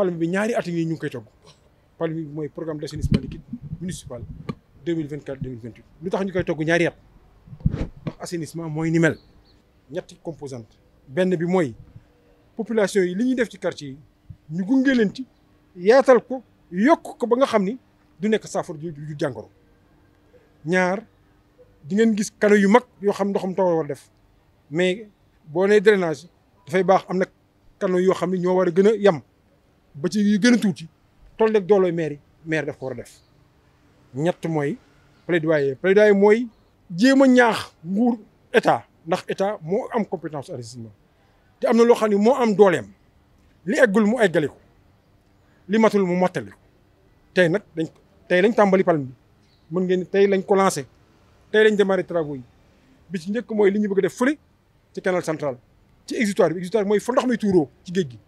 palme bi ñaari at yi ñu ngi koy togg palme bi programme d'assainissement liquide municipal 2024 2028 lu ñu koy togg ñaari at ndax assainissement moy ni mel ñetti composante benn bi moy population yi li ñuy def ci quartier ñu gunge leen ci yaatal ko yok ko ba nga xamni du nek saafara ju ju ñaar di ngeen gis kano yu mag yo xam ndoxum taw war def mais bo né drainage da fay bax amna yo xamni ño wara gëna yam ba ci yu gën a tuuti toll ak doolooy maire maire daf ko war a def ñett mooy plaidoyer plaidoyer mooy jéem a ñaax nguur état ndax état moo am compétence assainissement te am na loo xam ne moo am dooleem li eggul mu eggali ko li matul mu mottali ko tey nag dañ tey lañ tàmbali palme bi mën ngeen tey lañ ko lancé tey lañ démarré travaux yi bi ci njëkk mooy li ñu bëgg def fële ci canal central ci exutoire bi exutoire mooy fa ndox mi tuuroo ci géej gi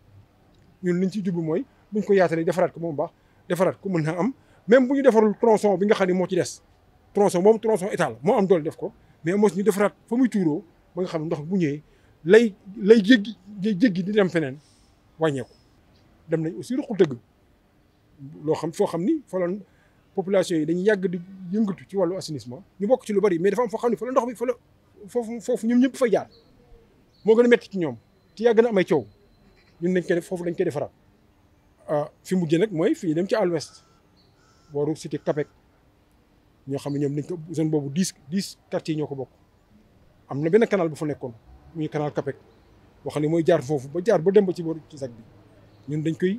ñun liñ ci jublu mooy buñ ko yaatalee defaraat ko moom baax defaraat ko mën naa am même bu ñu defarul tronçon bi nga xam ne moo ci des tronçon moom tronçon étal moo am doole def ko mais mos ñu defaraat fa muy tuuroo ba nga xam ne ndox bu ñëwee lay lay jéggi jéggi di dem feneen wàññeeku dem nañ aussi ruqul dëgg loo xam foo xam ni fa la population yi dañuy yàgg di yëngatu ci wàllu assainissement ñu bokk ci lu bari mais dafa am foo xam ne fa la ndox bi fa la foofu foofu ñoom ñëpp fay jaar moo gën a metti ci ñoom ci yàgg na amay coow ñun dañ koy foofu dañ koy defaraat ah, fi mujj nag mooy fi ñu dem ci à l'ouest booru ñoo xam ne ñoom dañ ko zone boobu dix dix quartiers ñoo ko bokk am na benn canal bu fa nekkoon muy canal Capek boo xam ne mooy jaar foofu ba jaar ba dem ba ci booru ci sag ñun dañ koy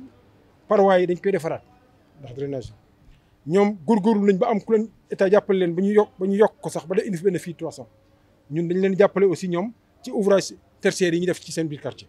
parois yi dañ koy defaraat ndax drainage ñoom góorgóorlu nañ ba am ku leen état jàppale leen ba ñu yokk ba ñu yokk ko sax ba de indi fi benn fii trois cent ñun dañ leen jàppale aussi ñoom ci ouvrage tertiaire yi ñu def ci seen biir quartier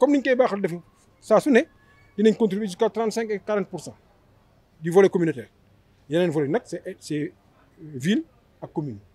comme nous sommes en train de faire, ça contribuent jusqu'à 35 et 40 du volet communautaire. Il y a un volet, c'est ville et commune.